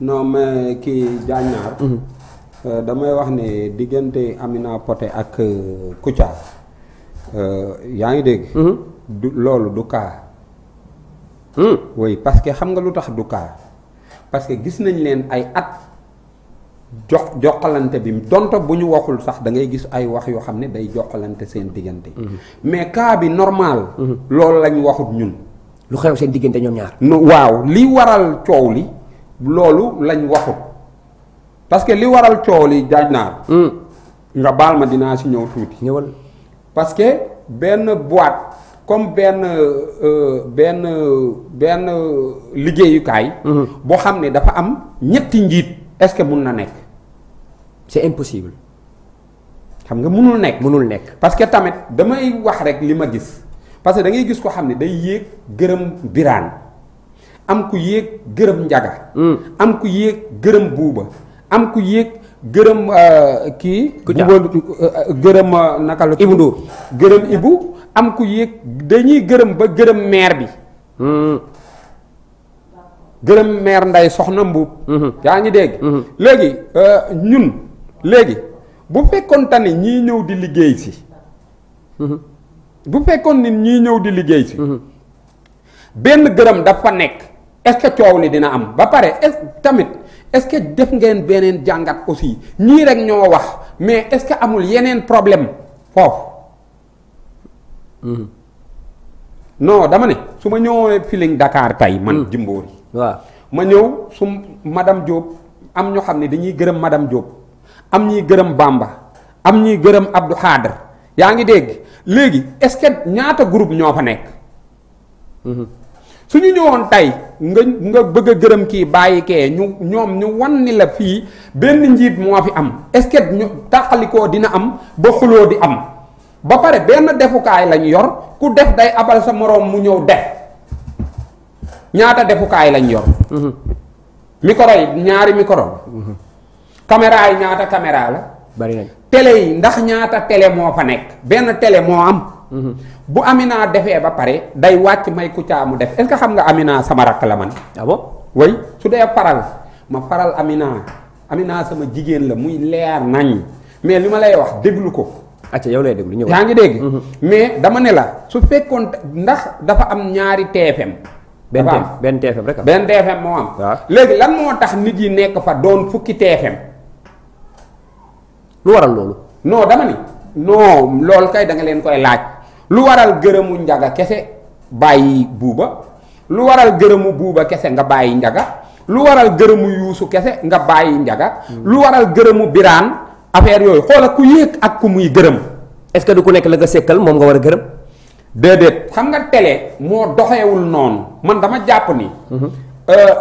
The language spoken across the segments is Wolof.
non mais kii Diagne mhm. euh, damay wax ne diggante Amina Poté ak euh, Kouthia euh, yaa ngi dégg. Mhm. du loolu du cas. Mhm. oui parce que xam nga lu tax du cas parce que gis nañ leen ay at. jox joxalante bi donto bu ñu waxul sax da ngay gis ay wax yoo xam ne day joxalante seen diggante. mais cas bi normal. loolu lañ waxut ñun. lu xew seen diggante ñoom ñaar. waaw li waral coow li. loolu lañ waxut parce que li waral coow li jaaj naar hmm. nga baal ma dinaa si ñëw tuuti. ñëwal parce que benn boite comme benn euh, benn benn liggéeyukaay. Hmm. boo xam ne dafa am ñetti njiit est-ce que mun na nekk. c'est impossible. xam nga munul nekk munul nekk. parce que tamit damay wax rek li ma gis parce que da ngay gis ko xam ne day yéeg gërëm biraan. am ku yéeg gërëm njaga hmm. am ku yéeg gërëm buuba am ku yéeg gërëm euh, kii buuba euh, gërëm euh, naka la Ibu Ndour gërëm Ibu am ku yéeg dañuy gërëm ba gërëm meer bi hmm. gërëm maire nday soxna mbuub hmm. yaa ngi dégg léegi ñun léegi bu fekkoon tane ñii ñëw di liggéey si bu fekkoon nit ñii ñëw di liggéey si benn gërëm dafa nekk est-ce que coow li dina am ba pare est tamit est-ce que def ngeen beneen jàngat aussi ñii rek ñoo wax mais est-ce que amul yeneen problème foofu. Hmm. non dama ne su ma ñëwee Feeling Dakar tey man. Hmm. Jimbori waaw ma ñëw su madam Diop am ñoo xam ne dañuy gërëm madame Diop am ñuy gërëm bàmba am ñuy gërëm abdu Khadre yaa ngi dégg léegi est-ce que ñaata groupe ñoo fa nekk. Hmm. su ñu ñëwoon tey nga nga bëgg a gërëm kii bàyyi ñu ñoom ñu wan ni la fii benn njiit moo fi am est-ce que ñu tàqalikoo dina am ba xuloo di am ba pare benn defukaay lañ yor ku def day abal sa moroom mu ñëw def ñaata defukaay lañ yor. Mhm. micro yi ñaari micro. Mhm. caméra yi ñaata caméra la. bari yi ndax ñaata tele moo fa nekk benn télé moo am. Mhm. bu Amina defee ba pare day wàcc may Kouthia mu def est xam nga Amina sama rakk la man. way ah su dee faral ma faral Amina Amina sama jigéen la muy leer nañ mais li ma lay wax déglu ko. acca yow lay déglu ñëw yaa ngi dégg. Mhm. mais dama ne la su fekkoon ndax dafa am ñaari teefem dafa am benn TFM rek benn TFM moo am. léegi lan moo tax nit yi nekk fa doon fukki TFM. lu waral loolu. non dama ni non loolu kay da leen koy laaj. lu waral gërëmu njaga kese bàyyi buuba lu waral gërëmu buuba kese nga bàyyi njaga lu waral gërëmu yuusu kese nga bàyyi njaga lu waral gërëmu biraan affaire yooyu xoola ku yéeg ak ku muy gërëm est-ce que du ku nekk la nga sekkal moom nga war a gërëm déedéet xam nga télé moo doxewul noonu man dama jàpp ni mhm. euh,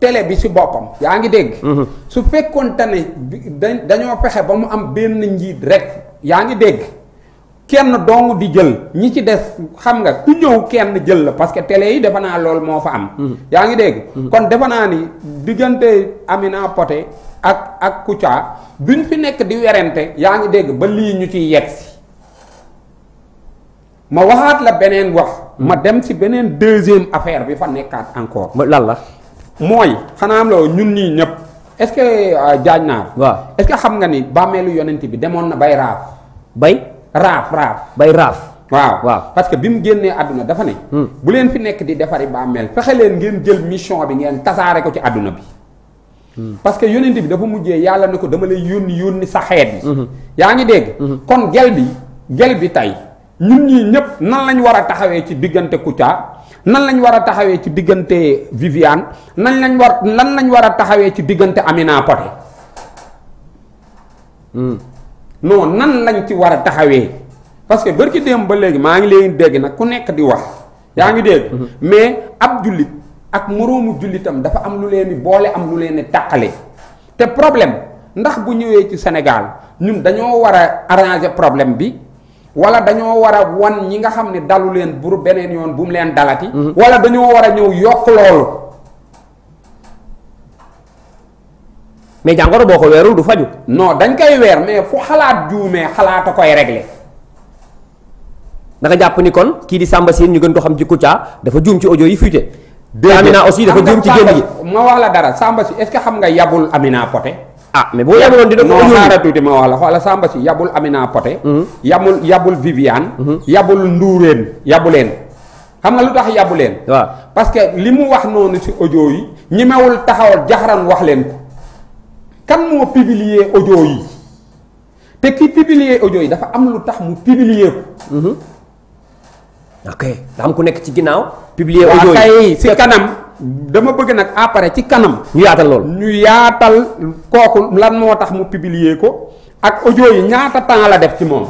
télé bi si boppam yaa ngi dégg mhm. su tane ne dañoo fexe ba mu am benn njiit rek yaa ngi dégg kenn dong di jël ñi ci des xam nga ku ñëw kenn jël la parce que télé yi defe naa lool moo fa am. Mm-hmm. yaa ngi dégg. Mm-hmm. kon defe naa ni diggante Amina Poté ak ak Kouthia duñ fi nekk di werante yaa ngi dégg ba lii ñu ciy yegg si ma waxaat la beneen wax. Mm-hmm. ma dem si beneen deuxième affaire bi fa nekkaat encore. lan la. mooy xanaa am loo ñun nii ñëpp est-ce que jaaj euh, naa. waaw est que xam nga ni bàmmeelu yonent bi demoon na bay raaf bay. raaf raaf. bay raaf. waaw waaw parce que bi mu génnee àdduna dafa ne. Hmm. bu leen fi nekk di defari bàmmeel fexe leen ngeen jël mission bi ngeen tasaare ko ci àdduna bi. Hmm. parce que yónent bi dafa mujjee yàlla ne ko dama lay yónni yónni sa xeet yi. Hmm. yaa ngi dégg. kon gel bi gel bi tey ñun ñi ñëpp nan lañ war a taxawee ci diggante Kouthia nan lañ war a taxawee ci diggante Viviane nan lañ war nan lañ war a taxawee ci diggante Amina Poté. non nan lañ ci war a taxawee parce que bërki démb ba léegi maa ngi leen dégg nag ku nekk di wax yaa ngi dégg mhm. mais ab jullit ak moroomu jullitam dafa am lu leen di boole am lu leen di tàqale te problème ndax bu ñëwee ci Sénégal ñun dañoo war a arranger problème bi wala dañoo war a wan ñi nga xam ne dalu leen bur beneen yoon bu mu leen dalati mhm. wala dañoo war a ñëw yokk loolu mais jàngoro boo ko weerul du koy weer mais fu xalaat juumee xalaat a jàpp ni kon kii di Samba Sine ñu gën ko xam ci Kouthia dafa juum ci audio yi fuité. déedéet Amina aussi dafa juum ci génn gi ma wax la dara sàmba Sine est-ce que xam nga yabul Amina Poté. ah mais boo yabuloon dina ko. audio xaaral tuuti ma wax la xoola yabul Amina Poté. Mm-hmm. yabul Viviane. Mm-hmm. yabul Ndourène yabuleen. xam nga lu tax yabuleen. waaw parce que li mu wax noonu ci audio yi ñemewul taxawal jaxaran wax leen kan moo publier audio yi te ki publier audio yi dafa am lu tax mu publier ko. Mhm. ok da am ku nekk ci ginnaaw. publier audio yi waaw kay si kanam. dama bëgg nag après ci kanam. ñu yaatal loolu ñu yaatal kooku lan moo tax mu publier ko ak audio yi ñaata temps la def ci moom.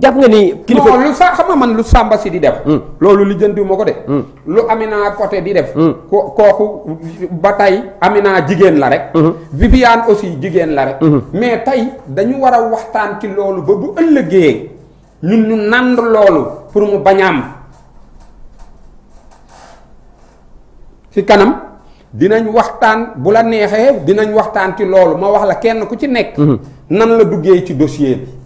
jàpp nga ni. kilifa lu sa xam nga man lu sàmba si di def. Hmm. loolu li jëndiw ma ko de. Hmm. lu Amina Poté di def. Hmm. ko kooku ba tey Amina jigéen la rek. Viviane aussi jigéen la rek. mais tey dañu war a waxtaan ci loolu ba bu ëllëgee ñun ñu nand loolu pour mu bañ a ci kanam dinañ waxtaan bu la neexee dinañ waxtaan ci loolu ma wax la kenn ku ci nekk. nan la duggee ci dossier bi.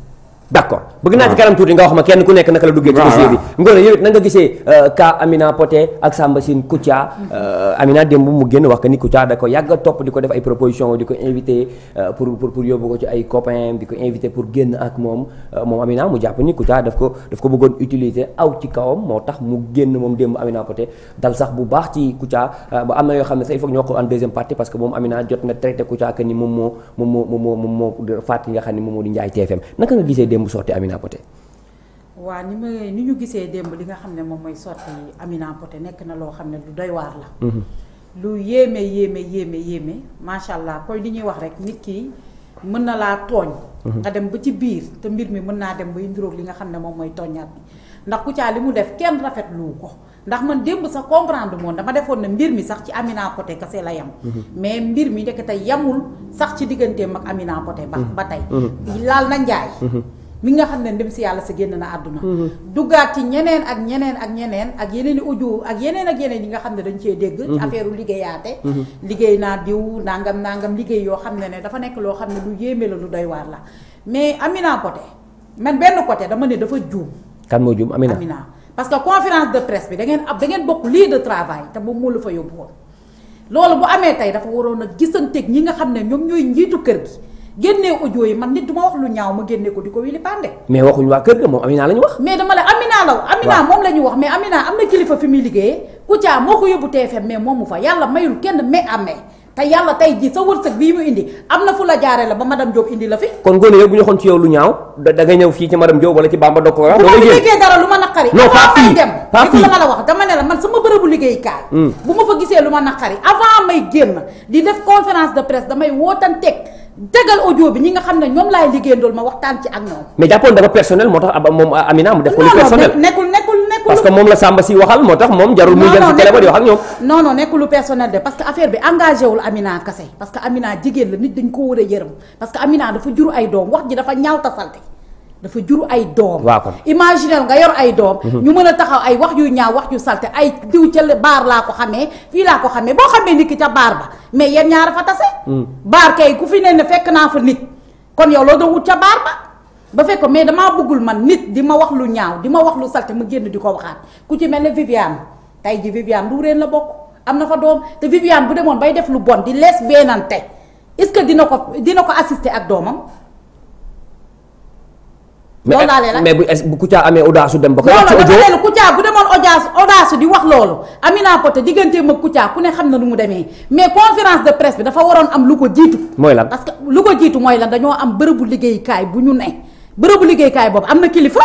d'accord bëgg naa ci kanam tuuti nga wax ma kenn ku nekk naka la duggee ci dossier bi Ngoné yow it na nga gisee euh, ka Amina Poté ak Samba Sine Kouthia euh, Amina démb mu génn wax ni Kouthia da ko yàgg a di ko def ay proposition di ko invité euh, pour pour pour yóbbu ko ci ay copain di ko pour génn ak moom moom Amina mu jàpp ni Kouthia daf ko daf ko bëggoon utiliser aw ci kawam moo tax mu génn moom démb Amina Poté dal sax bu baax ci Kouthia ba am na yoo xam ne sax il faut ñu wax en deuxième partie parce que moom Amina jot na traité Kouthia que ni moom moo moom moo moom moom moo faat nga xam ne moom moo di Ndiaye TFM naka démb sorti Amina Poté waaw ni ma ni ñu gisee démb li nga xam ne moom mooy sorti Amina Poté nekk na loo xam ne lu doy waar la mhm. lu yéeme yéeme yéeme yéeme macha allah koy li ñuy wax rek nit ki mën na laa tooñ mhm. nga dem ba ci biir te mbir mi mën naa dem bay nduróog li nga xam ne moom mooy tooñaat bi ndax Kouthia li mu def kenn rafet lu ko ndax man démb sax comprendre moom dama defoon na mbir mi sax ci Amina Poté kese la yem mhm. mais mbir mi nekk te yamul sax ci digganteem ak Amina Poté ba mi nga xam ne ndem si yàlla si génn na àdduna mm-hmm. duggaat ci ñeneen ak ñeneen ak ñeneen ak yeneen i audio ak yeneen ak yeneen yi nga xam ne dañ cee dégg ci mm-hmm. affaire liggéeyaate mm-hmm. liggéey naa diw nangam nangam liggéey yoo xam ne ne dafa nekk loo xam ne lu yéeme la lu doy waar la mais Amina côté man benn côté dama ne dafa juum kan moo juum Amina Amina parce que conférence de presse bi da ngeen ab da ngeen bokk lii de travail te moom moo la fa yóbbu woon loolu bu amee tey dafa waroon a gisanteeg ñi nga xam ne ñoom ñooy njiitu kër génnee audio yi man nit du wax lu ñaaw ma génne ko di ko wili pande mais waxuñu waa kër ga moom Amina la wax mais dama la Amina law Amina moom la ñu wax mais Amina am na kilifa fi muy liggéeyee Kouthia moo ko yóbbu TFM mais moomu fa yàlla mayul kenn mais amee te yàlla tey ji sa wërsëg bii mu indi am na fu la jaare la ba ma madame Diop indi la fi kon ngoone yow bu ñu xoon ci yow lu ñaaw da nga ñëw fii ci madame Diop wala ci Bamba ma liggéey dara lu ma naqari wax hmm. bu ma fa gisee lu ma naqari avant may génn di def conférence de presse damay wootanteeg dëggal audio bi ñi nga xam ne ñoom laay liggéeyandool ma waxtaan ci ak ñoom mais jàppoon dafa personnel moo tax moom Amina def ko lu personnel nekkul nekkul parce que moom la Samba si waxal moo tax moom jarul muy jël ci télé ba di wax ak ñoom non non nekku lu personnel de parce que affaire bi engagé wul Amina kase parce que Amina jigéen la nit dañ ko war a yërëm parce que Amina dafa jur ay doom waa ko dafa ñaaw nga yor ay doom mhm. ñu mën a taxaw ay wax yu ñaaw wax yu salte ay diw ca baar laa ko xamee fii laa ko xamee boo xamee nit ki ca baar ba mais yéen ñaar fa tase mhm. baar kay ku fi ne fekk naa fa nit kon yow loo doon ca baar ba ba fekk mais damaa bëggul man nit di ma wax lu ñaaw di ma wax lu salte ma génn di ko waxaat ku ci mel ne Viviane tey ji Viviane du reen la bokk am na fa doom te Viviane bu demoon bay def lu bon di lees beenante est-ce que dina ko dina ko assister ak doomam. loolu laa leen mais bu Kouthia amee audace su dem ba. ko yàq ci audio loolu dafa Kouthia bu demoon audace audace di wax loolu Amina Poté digganteem ak Kouthia ku ne xam na lu mu demee mais conférence de presse bi dafa waroon am lu ko jiitu. mooy lan parce que lu ko jiitu mooy lan dañoo am bërëbu liggéeyukaay bu ñu ne. bërëbu liggéeykaay boobu am na kilifa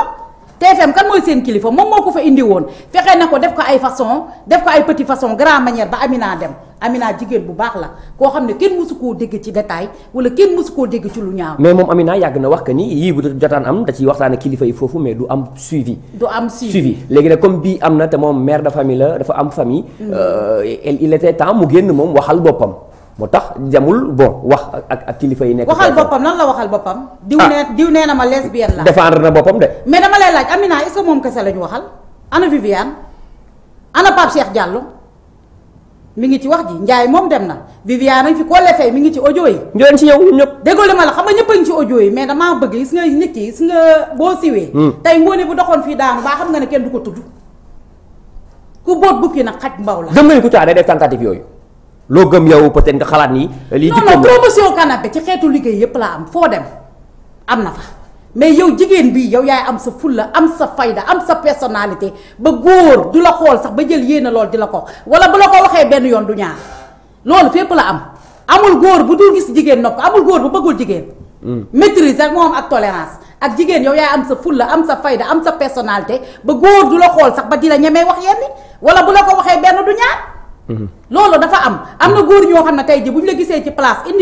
TFM kan mooy seen kilifa moom moo ko fa indi woon fexe na ko def ko ay façon def ko ay petit façon grand manière ba Amina dem Amina jigéen bu baax la koo xam ne kenn mësu koo dégg ci détail wala kenn mësu koo dégg ci lu ñaaw. mais moom Amina yàgg na wax que ni yii bu jotaan am da ciy waxtaane kilifa yi foofu mais du am suivi. du am suivi léegi nag comme bii am na te moom mère de famille dafa am famille. Mm. Euh, il était temps mu génn moom waxal boppam. moo tax jamul bon wax ak ak kilifa yi nekk. waxal boppam lan la waxal boppam. diw ah. nee diw nee na ma lesbienne la. défendre na boppam de. mais dama lay laaj Amina est-ce que moom kese la ñu waxal ana Viviane ana Pape Cheikh Diallo mi ngi ci wax ji Ndiaye moom dem na Viviane nañ fi ko lefee mi ngi ci ojo yi. ñu ci yow ñun ñëpp. déggoo li ma la xam nga ñëpp a ngi ci audio yi mais damaa bëgg gis nga nit ki gis nga boo siwee. Hmm. tey ngoone bu doxoon fii daanu baa xam nga ne kenn du ko tudd ku boot bukki nag xaj mbaw la. gëm nga ni ku caa yooyu loo gëm yow peut-être nga xalaat nii eh, lii jikko non non promotion canapé ci xeetu liggéey yëpp la am foo dem am na mais yow jigéen bi yow yaay am sa fulla am sa fayda am sa personalité ba góor du la xool sax ba jël yéene lool di la ko wala bu la ko waxee benn yoon du ñaar loolu fépp la am amul góor bu dul gis jigéen nopp amul góor bu bëggul jigéen. Hmm. maîtrise rek ak tolérance ak jigéen yow yaay am sa fulla am sa fayda am sa personnalité ba góor du la xool sax ba di la ñemee wax yenn wala bu la ko waxee benn du ñaar. Mm-hmm. loolu dafa am am na góor ñoo xam ne tey ji bu ñu la gisee ci place indi